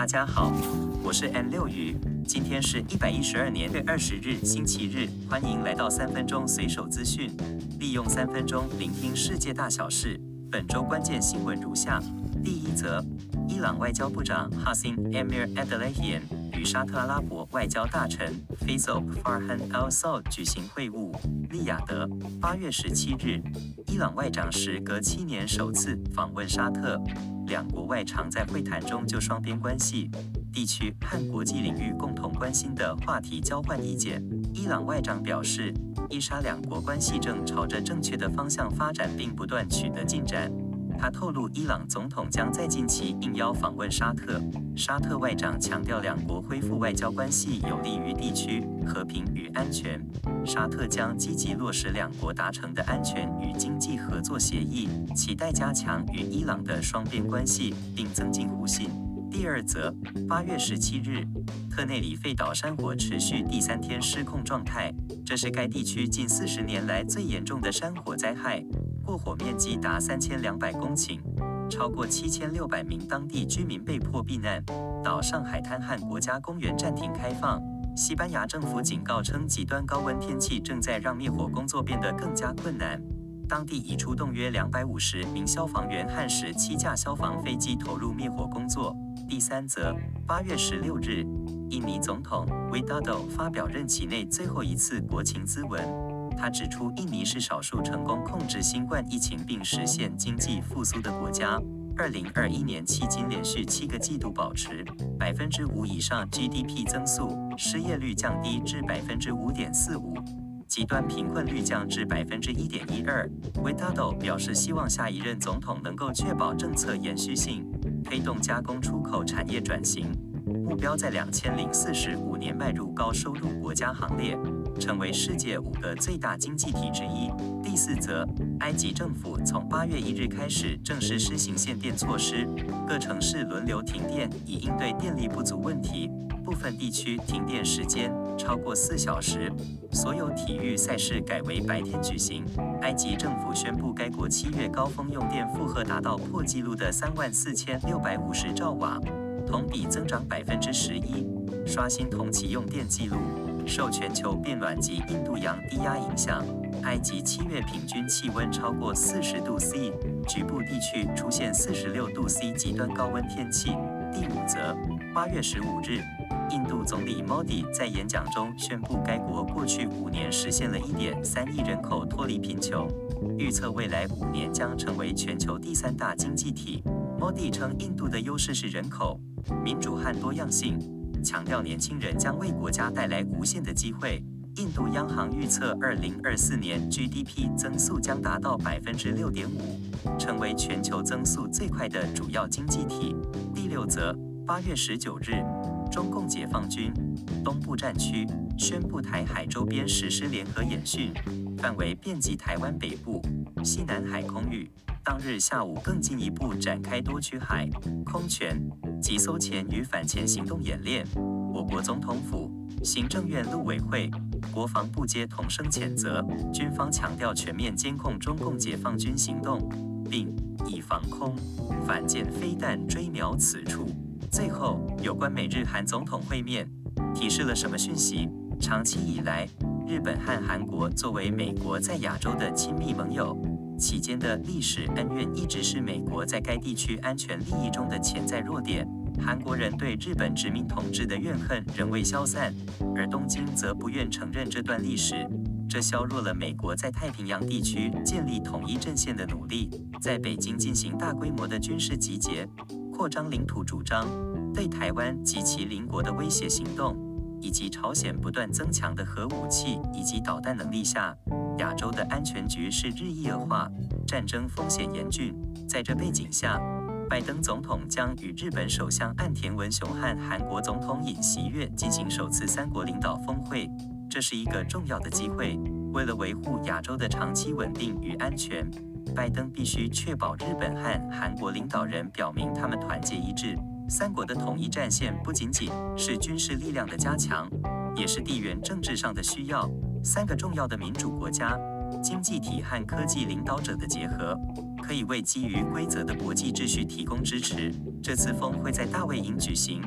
大家好，我是 M 六雨，今天是一百一十二年六月二十日，星期日，歡迎來到三分鐘隨手資訊，利用三分鐘聆聽世界大小事。本週關鍵新聞如下：第一則，伊朗外交部長哈辛·艾米爾·埃德萊延與沙特阿拉伯外交大臣費薩爾·本·法爾漢·阿勒沙特舉行會晤。利雅得，八月十七日，伊朗外長時隔七年首次訪問沙特，兩國外長在會談中就雙邊關係、地區和國際領域共同關心的話題交換意見。伊朗外長表示，伊沙兩國關係正朝着正確的方向發展，並不斷取得進展。他透露，伊朗總統將在近期應邀訪問沙特。沙特外長強調，兩國恢復外交關係有利於地區和平與安全。沙特將積極落實兩國達成的安全與經濟合作協議，期待加強與伊朗的雙邊關係並增進互信。第二則，八月十七日，特內里費島山火持續第三天失控狀態，這是該地區近四十年來最嚴重的山火災害。過火面積達三千兩百公頃，超過七千六百名當地居民被迫避難。島上海灘和國家公園暫停開放。西班牙政府警告稱，極端高溫天氣正在讓滅火工作變得更加困難。當地已出動約兩百五十名消防員，和十七架消防飛機投入滅火工作。第三則，八月十六日，印尼總統維多多發表任期內最後一次國情諮文。他指出，印尼是少數成功控制新冠疫情並實現經濟復甦的國家。2021年迄今，連續七個季度保持5%以上 GDP 增速，失業率降低至5.45%，極端貧困率降至1.12%。維達多表示，希望下一任總統能夠確保政策延續性，推動加工出口產業轉型，目標在2045年邁入高收入國家行列。成為世界五個最大經濟體之一。第四則，埃及政府從八月一日開始正式施行限電措施，各城市輪流停電，以應對電力不足問題。部分地區停電時間超過四小時。所有體育賽事改為白天舉行。埃及政府宣布，該國七月高峰用電負荷達到破紀錄的三萬四千六百五十兆瓦，同比增長百分之十一，刷新同期用電記錄。受全球變暖及印度洋低壓影響，埃及七月平均氣溫超過四十度 C，局部地區出現四十六度 C 極端高溫天氣。第五則，八月十五日，印度總理 Modi 在演講中宣布，該國過去五年實現了一點三億人口脫離貧窮，預測未來五年將成為全球第三大經濟體。Modi 稱，印度的優勢是人口、民主和多樣性。強調年輕人將為國家帶來無限的機會。印度央行預測，二零二四年 GDP 增速將達到百分之六點五，成為全球增速最快的主要經濟體。第六則，八月十九日，中共解放軍東部戰區宣布，台海周邊實施聯合演訓，範圍遍及台灣北部、西南海空域。當日下午，更進一步展開多區海空權，及搜潛與反潛行動演練，我國總統府、行政院陸委會、國防部皆同聲譴責。軍方強調全面監控中共解放軍行動，並以防空反艦飛彈追瞄此處。最後，有關美日韓總統會面，提示了什麼訊息？長期以來，日本和韓國作為美國在亞洲的親密盟友。其間的歷史恩怨一直是美國在該地區安全利益中的潛在弱點。韓國人對日本殖民統治的怨恨仍未消散，而東京則不願承認這段歷史，這削弱了美國在太平洋地區建立統一陣線的努力。在北京進行大規模的軍事集結、擴張領土主張、對台灣及其鄰國的威脅行動。以及朝鮮不斷增強的核武器以及導彈能力下，亞洲的安全局勢日益惡化，戰爭風險嚴峻。在這背景下，拜登總統將與日本首相岸田文雄和韓國總統尹錫悅進行首次三國領導峰會，這是一個重要的機會。為了維護亞洲的長期穩定與安全，拜登必須確保日本和韓國領導人表明他們團結一致。三國的統一戰線不僅僅是軍事力量的加強，也是地緣政治上的需要。三個重要的民主國家、經濟體和科技領導者的結合，可以為基於規則的國際秩序提供支持。這次峰會在大衛營舉行，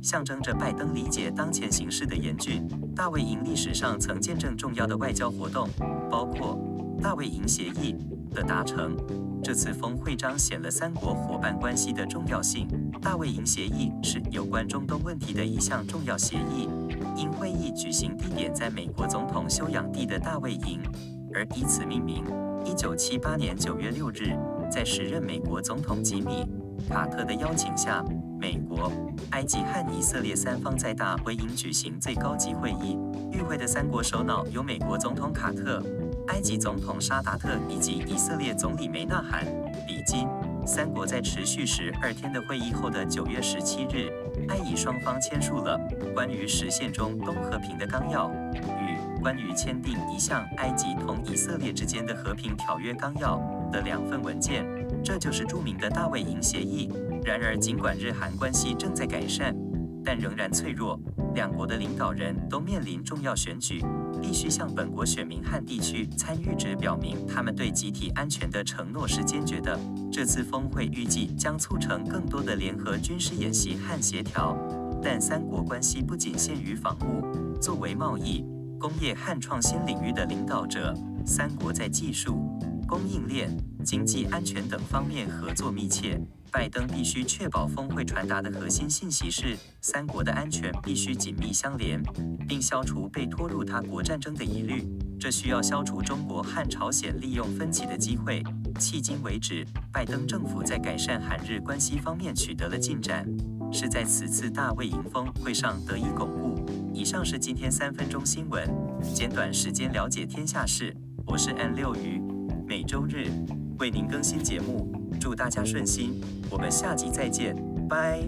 象徵着拜登理解當前形勢的嚴峻。大衛營歷史上曾見證重要的外交活動，包括大衛營協議的達成。這次峰會彰顯了三國夥伴關係的重要性。大衛營協議是有關中東問題的一項重要協議，因會議舉行地點在美國總統休養地的大衛營而以此命名。一九七八年九月六日，在時任美國總統吉米·卡特的邀請下，美國、埃及和以色列三方在大衛營舉行最高級會議。與會的三國首腦有美國總統卡特。埃及總統沙達特以及以色列總理梅納罕、比金三國在持續十二天的會議後的九月十七日，埃以雙方簽署了關於實現中東和平的綱要與關於簽訂一項埃及同以色列之間的和平條約綱要的兩份文件，這就是著名的《大衛營協議》。然而，儘管日韓關係正在改善。但仍然脆弱。兩國的領導人都面臨重要選舉，必須向本國選民和地區參與者表明，他們對集體安全的承諾是堅決的。這次峰會預計將促成更多的聯合軍事演習和協調。但三國關係不僅限於防務。作為貿易、工業和創新領域的領導者，三國在技術、供應鏈、經濟安全等方面合作密切，拜登必須確保峰會傳達的核心信息是，三國的安全必須緊密相連，並消除被拖入他國戰爭的疑慮。這需要消除中國和朝鮮利用分歧的機會。迄今為止，拜登政府在改善韓日關係方面取得了進展，是在此次大衛營峰會上得以鞏固。以上是今天三分鐘新聞，簡短時間了解天下事。我是 N 六魚。每週日為您更新節目，祝大家順心。我們下集再見，拜。